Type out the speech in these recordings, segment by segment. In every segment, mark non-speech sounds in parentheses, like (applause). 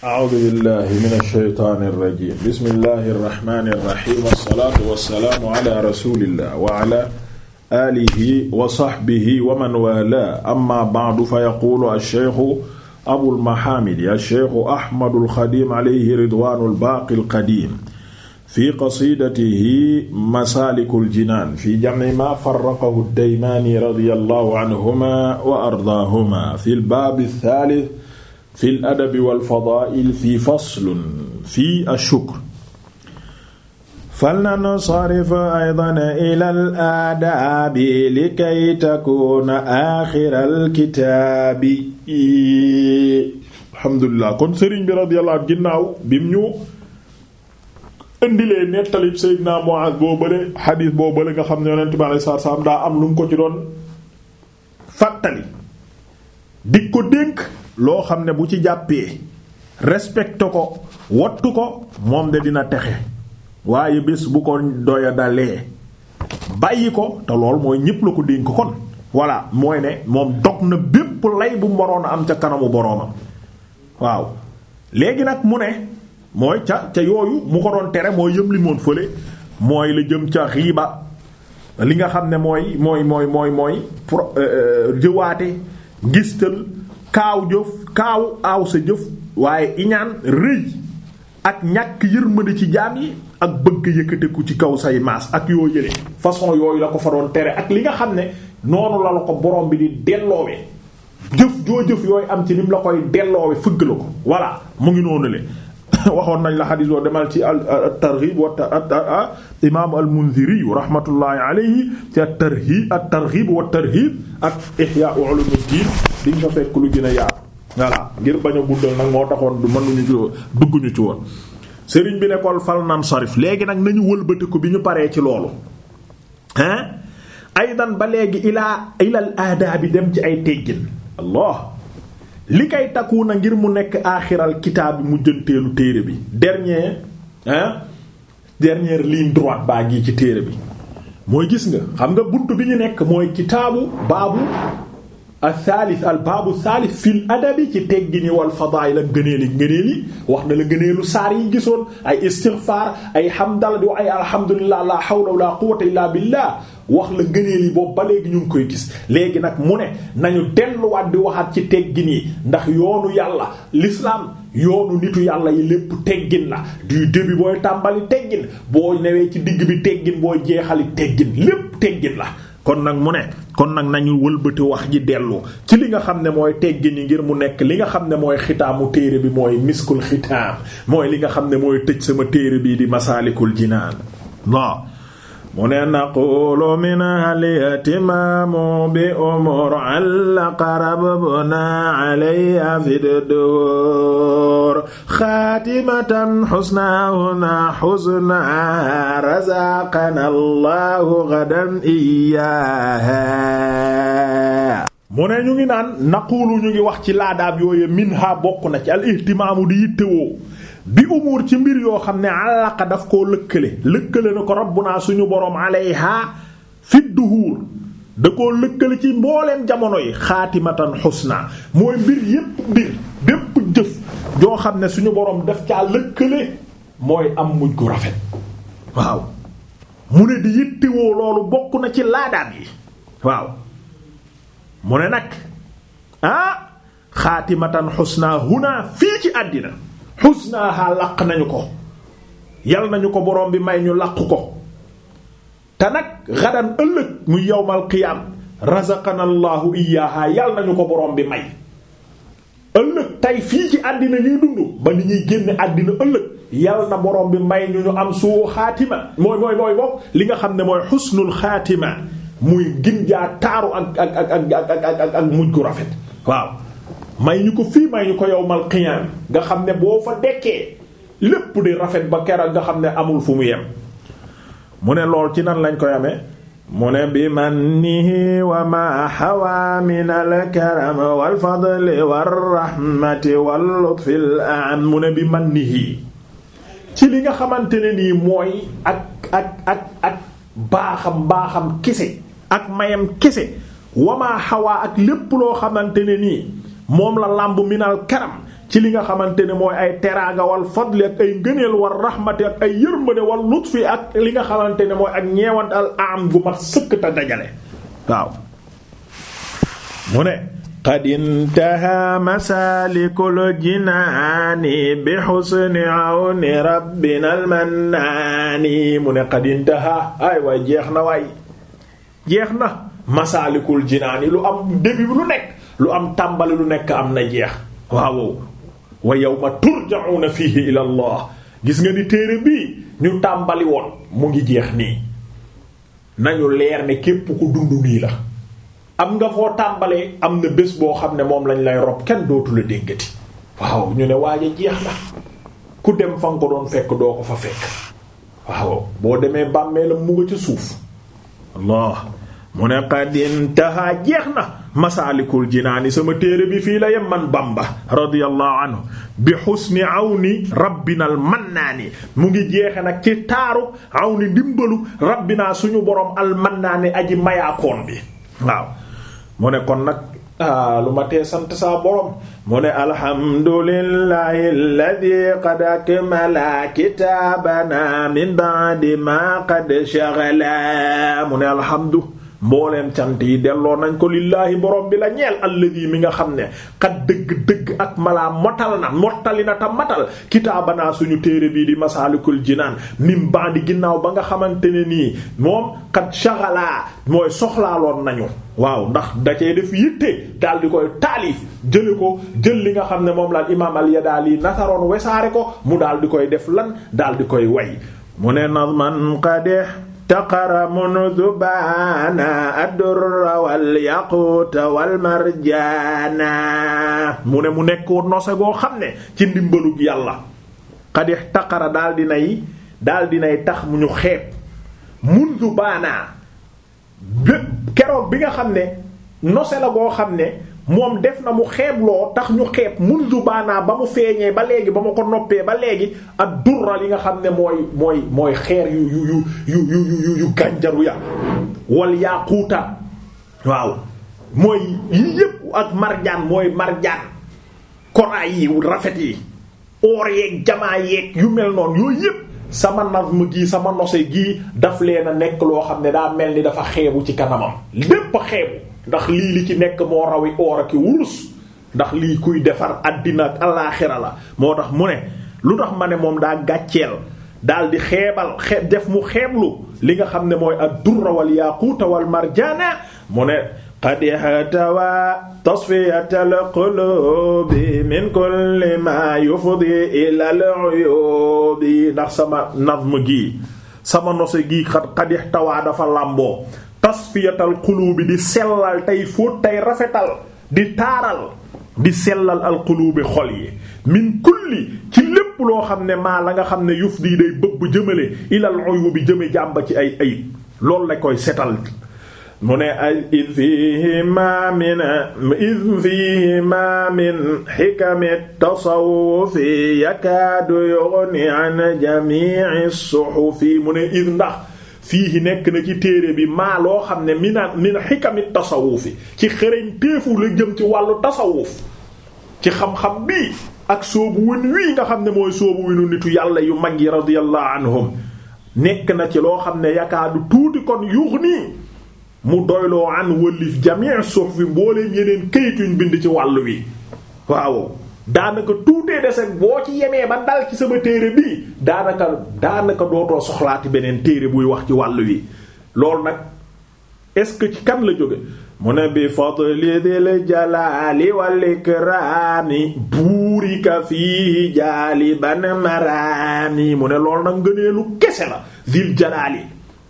a'uudu billahi mina shaytaani rajiim bismillahi rahmaani rahiim wassalaatu wassalaamu ala rasuulillah wa ala aalihi wa sahbihi wa man waalaahu amma ba'du fa yaquulu ash-shaykhu abul mahaamidi ash-shaykhu ahmadul xadiim alayhi ridwaanul baaqil qadiim fi qasiidatihi masaalikul jinaan fi jamci maa farraqahu ad-daymaani radiyallahu anhumaa wa ardaahumaa fil baabi ath-thaalith fi l adabi walfadail fi faslun fi ashukr falnansarif aydan ila al aadaabi likay takuna axira alkitaabi alhamdulilah kon sëriñ bi radiyallahu anhu ginnaaw bim ñu indilee nettalib Seydina Muaz boo bële xadiis boo bële nga xam ne yonent bi alayhi salaam daa am lu mu ko ci doon fàttali di ko loo xam ne bu ci jàppee respecté ko wattu ko moom de dina texe waaye bés bu ko doya dalee bàyyi ko te lool mooy ñépp la ko dénk kon voilà mooy ne moom dog na bépp lay bu moroon a am ca kanamu boroomam waaw léegi nag mu ne mooy ca ca yooyu mu ko doon tere moo yëm limoon fële mooy la jëm ca riiba li nga xam ne mooy mooy mooy mooy mooy pro euh, euh, jëwaate ngistal kaaw jëf kaaw aw sa jëf waaye iñaan rëy ak ñàkk yërmande ci jaam yi ak bëgg yëkkateku ci kaw say maas ak yoo yële façon yooyu la ko fa doon tere ak li nga xam ne noonu la la ko borom bi di delloowee jëf joo jëf yooyu am ci lim la koy delloowee fëgg la ko voilà mu ngi noonu le (laughs) waxoon nañ la xadis boo demal ci at-Targhib wa imaam al-Mundhiri rahmatullahi alayhi ci at-Targhib at-Targhib wa at-Tarhib ak Ihya ulumuddin di nga fekk lu gën a yaatu voilà ngir bañ a guddal nag moo taxoon du mënuñu ci dugguñu ci woon sëriñ bi ne kon fal nan léegi nag nañu wëlbatiku bi ñu paree ci loolu hein aydan ba léegi ilaa ilal bi dem ci ay teggin allah li kay takku na ngir mu nekk aaxiral kitaab bi mujjanteelu téere bi dernier hein dernière ligne baa ngi ci téere bi mooy gis nga xam nga buntu bi ñu nekk mooy kitaabu baabu athaalis al baabu thaalis fil adabi ci teggini wal fadaayil ak ngëneel yi ngëneel yi wax na la ngëneelu saar yi gisoon ay istighfar ay hamdal di wax ay alhamdulillah la hawla wala quwwata illa billah wax la ngëneel yi boobu ba léegi ñu koy gis léegi nag mu ne nañu delluwaat di waxaat ci teggin yi ndax yoonu yàlla l'islam yoonu nitu yàlla yi lépp teggin la du début booy tàmbali teggin boo newee ci digg bi teggin booy jeexal jeexali teggin lépp teggin la kon nag mu ne kon nag nañu wëlbati wax ji dellu ci li nga xam ne mooy teggini ngir mu nekk li nga xam ne mooy xitaamu téere bi mooy miskul xitaam mooy li nga xam ne mooy tëj sama téere bii di masaalikul jinaan waaw mu ne naqulu min haliyatimamu bi umur allaqarabna alayha fi dudur xaatimatan xusnahuna xusna razaqana allahu gadan iyaha mu ne ñu ngi naan naqulu ñu ngi wax ci laadaab yooyu minha bokk na ci al ihtimaamu di yittewoo bi umuur ci mbir yoo xam ne àllaqa daf koo lëkkale lëkkale na ko rabbunaa suñu boroom alayha fi duhuur da koo lëkkale ci mbooleem jamono yi xaatimatan xusna mooy mbir yépp mbir bépp jëf joo xam ne suñu boroom daf caa lëkkale mooy am mujj gu rafet waaw mu ne di yittewoo loolu bokk na ci laadaab yi waaw mu ne nag ah xaatimatan xusna huna fii ci àddina xusnaaha laq nañu ko yal nañu ko boroom bi may ñu laq ko te nag xadan ëllëg mu yowmal qiyaam razaqana allahu iyaaha yal nañu ko boroom bi may ëllëg tey fii ci àddina ñuy dund ba li ñuy génn àddina ëllëg yal na borom bi may ñu ñu am suu xaatima mooy mooy mooy bopp li nga xam ne mooy xusnul xaatima muy gin jaa taaru ak ak ak ak ak ak mujj gu rafet waaw may ñu ko fii may ñu ko yow qiyaam nga xam ne boo fa dekkee lépp di rafet ba keroog nga xam ne amul fu mu yem mu ne lool ci nan lañ ko amee mu ne bi mannihi wa ma hawa min alkaram walfadli warrahmati wallutfi al ci li nga xamante ne nii mooy ak ak ak ak baaxam baaxam kese ak mayam kese wa ma ak lépp loo xamante ne nii moom la làmb minal karam ci li nga xamante ne mooy ay teraanga wal fadli ak ay ngëneel war rahmati ak ay yërmande wal lutfi ak li nga xamante ne mooy ak ñeewant al am gu mat sëkk dajale mu ne qad intaha masalikul jinaani bi husni awni rabbina al mannaani mu ne qad intaha ay waay jeex na waay jeex na masalikul jinaani lu am début lu nekk lu am tàmbali lu nekk am na jeex waaw wa yawma turja'una fihi ila allah gis nga ni téere bii ñu tàmbali woon mu ngi jeex nii nañu leer ne képp ku dund nii la am nga foo tàmbalee am na bés boo xam ne moom lañ lay rob kenn dootu la déggati waaw ñu ne waaj jeex na ku dem fa nga ko doon fekk doo ko fa fekk waaw boo demee bàmmee mu nga ca suuf mu ne qad intaha jeex na masaalikul jinaani sama téere bi fii la yem man bamba radiyallahu anhu bi xusni awni rabbinal mannaani mu ngi jeexe nag ci taaru awni dimbalu rabbinaa suñu borom al mannaani aji mayaakoon bi waaw mu ne kon nag ah lu ma tee sant saa borom mu ne alhamdulillahi alladhi qad akmala kitaabana min ba'di ma qad shaghala mu ne alhamdu mbooleem cant yi delloo nañ ko lillaahi borom bi la ñeel alladi mi nga xam ne kat dëgg-dëgg ak malaa motal na mottali na ta matal kitaabanaa suñu téere bii di masaalikul jinaan baa bandi ginnaaw ba nga xamante ne nii moom kat shaghalaa mooy soxlaaloon nañu waaw ndax dacee def yitte dal di koy taalif jële ko jël li nga xam ne moom laal imaam al-Yadaali nasaroon wesaare ko mu daal di koy def lan daal di koy way mu ne nazman qadih taqaramun dubaana addurra wal yaquta marjaana mu ne mu nekk nose goo xam ne ci ndimbalug yàlla xadi taqara na dinay daal dinay tax mu ñu xeeb mun dubaana keroog bi nga xam ne nose la goo xam ne moom def na mu xeebloo tax ñu xeeb mun ju ba mu feeñee ba léegi ba ma ko noppee ba léegi ak durra yi nga xam ne mooy mooy mooy xeer yu yu yu yu yu yu yu gànjaru ya wal yaaquuta waaw mooy yi yépp ak marjaan mooy marjaan koraay yi rafet yi oor yeeg jamaa yeeg yu mel noon yooyu yépp sama nazm gii sama nose gi daf leen a nekk loo xam ne daa mel ni dafa xeebu ci kanamam lépp xeebu ndax lii li ci nekk moo rawi oor ak wurus ndax lii kuy defar àddina ak alaaxira la moo tax mu ne lu tax ma ne moom daa gàcceel daal di xeebal def mu xeeblu li nga xam ne mooy ad-durra wal yaquta marjana mu ne qad ihtawa tasfiyatal qulubi min kulli ma yufdi ila al-uyubi ndax sama nazm gi sama nose gii qad ihtawa dafa làmboo tasfiyatal quluubi di sellal tey fóot tey rafetal di taaral di sellal al quluubi xol yi min kulli ci lépp loo xam ne maa la nga xam ne yuf di day bëbb jëmale ilal uyubi jëme jàmba ci ay ayib loolu la koy setal mu ne ay id fihima min id fihima min xikami tasawufi yakaadu yughni an jami'i suhufi mu ne id ndax fii nekk na ci téere bi maa loo xam ne mina min xikami tasawufi ci xëreñ téefu la jëm ci wàllu tasawuf ci xam-xam bii ak soobu win wii nga xam ne mooy soobu winu nitu yàlla yu mag yi radiyallahu anhum nekk na ci loo xam ne yakaadu tuuti kon yuux nii mu doyloo an wëllif jamii suhuf bi mbooleem yeneen këyit yuñ bind ci wàll wi waaw daanaka tuutee dese boo ci yemee ba dal ci sama téere bii daanaka daanaka dootoo soxlaati beneen téere buy wax ci wàllu wi loolu nag est-ce que ci kan la jóge mu ne bi fadli dil jalaali wal ikraami buurika fii jaali ban maraami mu ne loolu nag ngëneelu kese la dil jalaali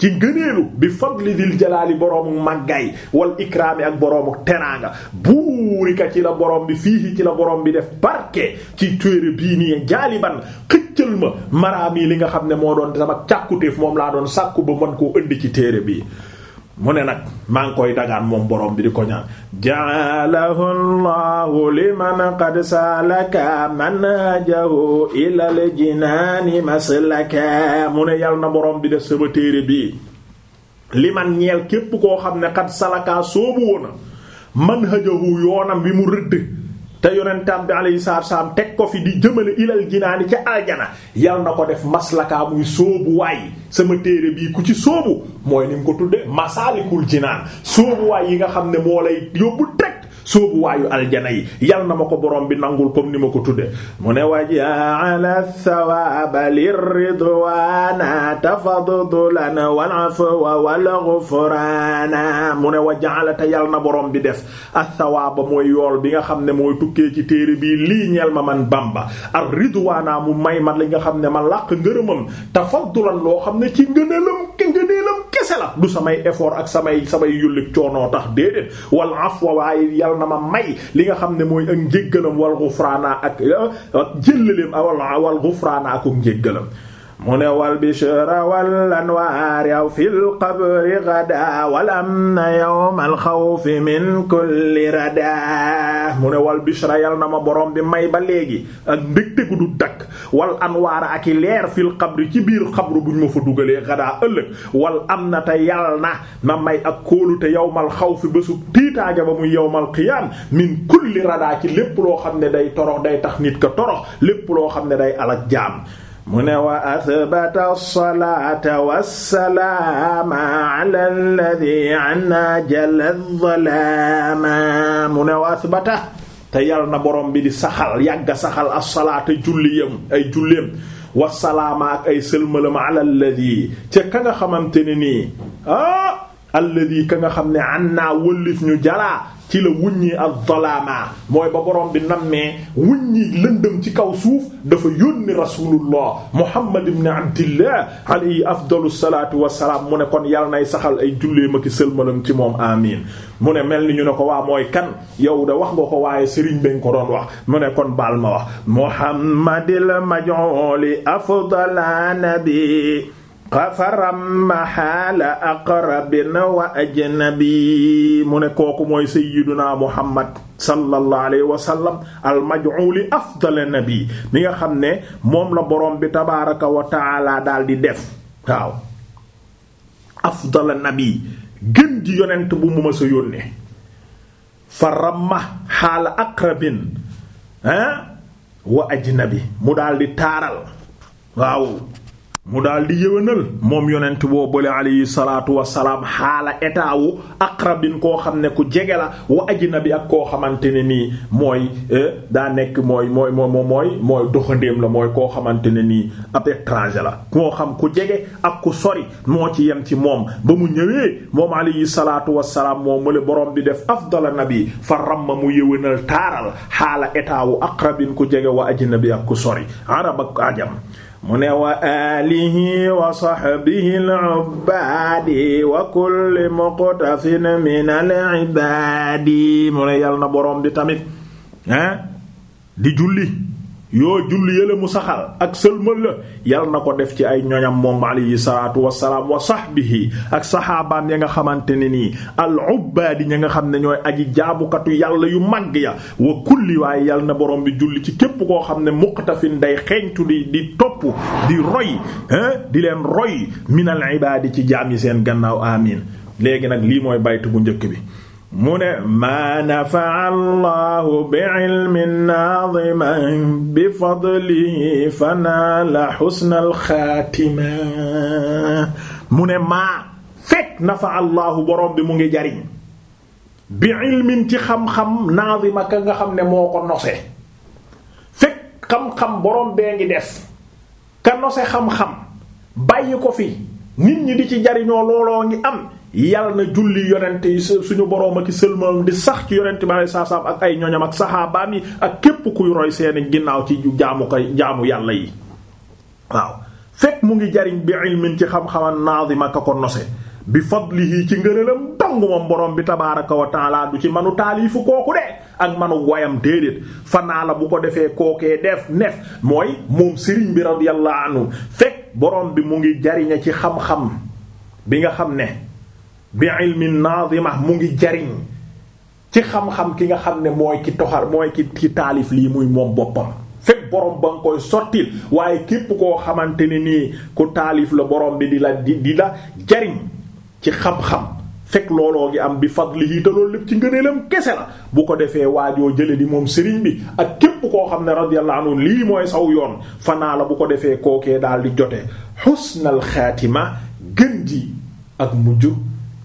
ci gëneelu bi fadli dil jalaali boroomu màggaay wal ikraami ak boroomu teraanga buurika ci la borom bi fii ci la borom bi def barke ci téere bii nii jaaliban xëccal ma maraam yi li nga xam ne moo doon sama càkkutéef moom laa doon sàkku ba mën koo indi ci téere bii mu ne nag maa ngi koy dagaan moom borom bi di ko ñaan ja'alahu llahu liman qad salaka manhajahu ila al jinaani maslaka mu ne yal na borom bi def sama téere bii liman ñeel képp koo xam ne qad salaka soobu woona manhajahu yoonam bi mu rëdd te yonentam bi alayhi salaatu salaam teg ko fi di jëmale ilal jinaani ca aljana yal na ko def maslaka muy sóobu waay sama téere bii ku ci sóobu mooy ni nga ko tudde masaalikul jinaan sóobu waay yi nga xam ne moo lay yóbbu soobu waayu aljana yi yal na ma ko borom bi nangul comme ni ma ko tudde mu ne wajaala thawaba liridwana tafaddulan wal wal mu ne wajaala te yal na borom bi def athawaba mooy yool bi nga xam ne mooy tukkee ci téere bii lii ma man bamba ar ridwana mu may man li nga xam ne ma làq ngërëmam tafaddulan loo xam ne ci ngëneelam ngëneelam ak samay samay tax wal afwa waaye yal na ma may li nga xam ne mooy ak njéggalam wal ghufrana ak eh, ak jëllaleem awal wal ghufrana ak njéggalam mu ne wal bishra wal anwaar yaw fil qabri ghadaa wal amna yawmal xawfi min kulli radaa mu ne wal bishra yal na ma borom bi may ba léegi ak ndégte gu du dakk wal anwaar ak i leer fil qabri ci biir xabru buñ ma fa dugalee ghadaa ëllëg wal na te yal na ma may ak kóolute yawmal xawfi bésub tiitaage ba muy yawmal qiyaam min kulli radaa ci lépp loo xam ne day torox day tax nit ko torox lépp loo xam ne day alak jaam mu ne wa athbata as-salaata was-salaama ala alladhi anjala az-zalaama mu ne wa athbata te yal na borom bi di saxal yàgga saxal as-salaata julliyam ay julleem was-salaama ak ay sëlmalama ala alladhi ca ka nga xamante ne nii ah alladi ka nga xam ne an naa wëllif ñu jalaa ci la wuññi ad-dalaama mooy ba borom bi nammee wuññi lëndëm ci kaw suuf dafa yónni rasulullah muhammad ibn abdillah alayhi afdalu salaatu wassalaam mu ne kon yàlla nay saxal ay julleem ak sëlmalam ci moom amiin mu ne mel ni ñu ne ko waa mooy kan yow da wax nga ko waaye sëriñ beñ ko doon wax mu ne kon baal ma wax muhammadil majooli afdala nabi xafaram maxaala aqrabin wa ajnabi mu ne kooku mooy sayyiduna muhammad sallallahu alayhi wa sallam al afdal nabi mi nga xam ne moom la boroom bi tabaaraka wa taala daal di def waaw afdal nabi gën ji yonent bu mu ma sa yónnee fa ramma xaala aqrabin ah wa ajnabi mu daal di taaral waaw mu daal di yëwénal moom yonent boo bële alayhi salaatu wasalaam xaala état wu koo xam ne ku jege la wa bi ak koo xamante ne nii mooy eh, daa mooy mooy mooy mooy la mooy koo xamante ne nii ab la moo xam ku jege ak ku sori moo ci yem ci moom ba mu ñëwee moom alayhi salaatu wasalaam moo mële borom bi def afdala nabi fa ma mu yëwénal taaral xaala état wu ku jege wa bi ak ku sori arab ak ajam mu ne wa alihi wa sahbihi al-ubbaadi wa kulli muqtafin min al-ibaadi mu ne yal na boroom di tamit hein ah, di julli yoo julli yële mu saxal ak sëlmal la yal na ko def ci ay ñoñam moom alayhi salaatu wasalaam wa sahbihi ak saxaabaam ya nga xamante ne nii al ubbaadi ña nga xam ne ñooy aji jaabukatu yàlla yu màgg ya wa kulli waaye yal na borom bi julli ci képp koo xam ne muqtafin day xeeñtu di di topp di roy hein di leen roy minal ibaadi ci jaam yi seen gannaaw amin léegi nag lii mooy baytu bu njëkk bi mu ne maa nafaa allahu bi ilmin ne maa fekk nafa allahu borom bi mu ngi jariñ bi ilmin ci xam-xam naadima ka nga xam ne moo ko nose fekk xam-xam borom bee ngi def ka nose xam-xam bàyyi ko fi nit ñi di ci jariñoo looloo ngi am yal na julli yonent yi suñu boroom ak sëlmal di sax ci yonent bi saa saam ak ay ñoñam ak saxaabaam yi ak képp kuy roy seeni ginnaaw ci jaamu koy jaamu yàlla yi waaw fekk mu ngi jariñ bi ilmin ci xam-xaman naadima ka ko nose bi ci ngëneelam dong moom borom bi tabaaraka du ci manu taaliifu kooku de ak manu wayam déedéet bu ko defee kookee def mooy moom sëriñ bi radiyallahu anhu fekk borom bi mu ngi jariña ci xam-xam bi nga xam ne bi ilmin naadima mu ngi jariñ ci xam-xam ki nga xam ne mooy ki toxal mooy ki ki taalif lii muy moom boppam fekk borom ba nga koy sottil waaye képp koo xamante ne nii ku taalif la borom bi di la di di la jariñ ci xam-xam fekk looloo ngi am bi fadlihi te loolu lépp ci ngëneelam kese la bu ko defee waajoo jële di moom sëriñ bi ak képp koo xam ne radiyallahu anhu lii mooy saw yoon fanaa la bu ko defee kookee daal di jote xusnal xaatima gën ji ak mujj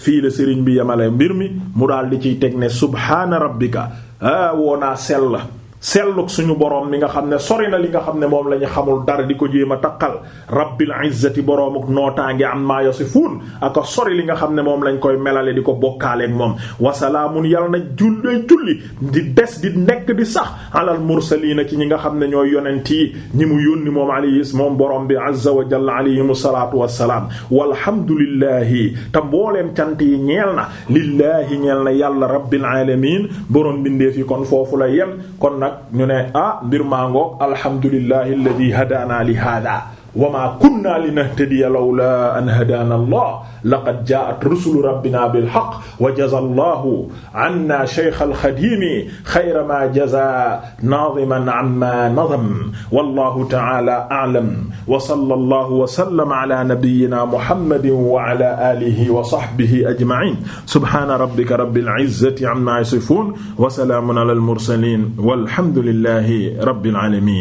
fii la sëriñ bi yamale mbir mi mu daal di ciy teg ne subhaana rabbika a woonaa sell sellug suñu boroom mi nga xam ne sori na li nga xam ne moom la ñu xamul dara di ko jéem a takkal rabbil izzati boroom ak nootaange am maa yasifuun ak sori li nga xam ne moom lañ koy melale di ko bokkaaleeg moom wasalaamun yàlla na jullee julli di des di nekk di sax alal mursaliina ci ñi nga xam ne ñooy yonent yi ñi mu yónni moom alayhi moom boroom bi azza wa jalla alayhim salaatu wassalaam walhamdulillahi te mbooleem cant yi ñeel na lillaahi ñeel na yàlla rabbil alamin boroom bindeef yi kon foofu la yem kon nag nag ñu ne ah mbir maa ngoog alhamdulillahi alladhi hadana li hada wa maa kunnaa linahtadiya lawlaa an hadaana allah laqad jaa'at rusulu rabbinaa bilhaqq wa jazaa allahu annaa shaykha alxadiimi xayra maa jazaa naadiman ammaa nadam wallaahu ta'aalaa a'lam wa sallallaahu wa sallama alaa nabiyyinaa muhammadin wa alaa aalihi wa sahbihi ajma'iin subhaana rabbika rabbil izzati ammaa yasifuun wa salaamun alal mursaliin walhamdu lillaahi rabbil aalamiin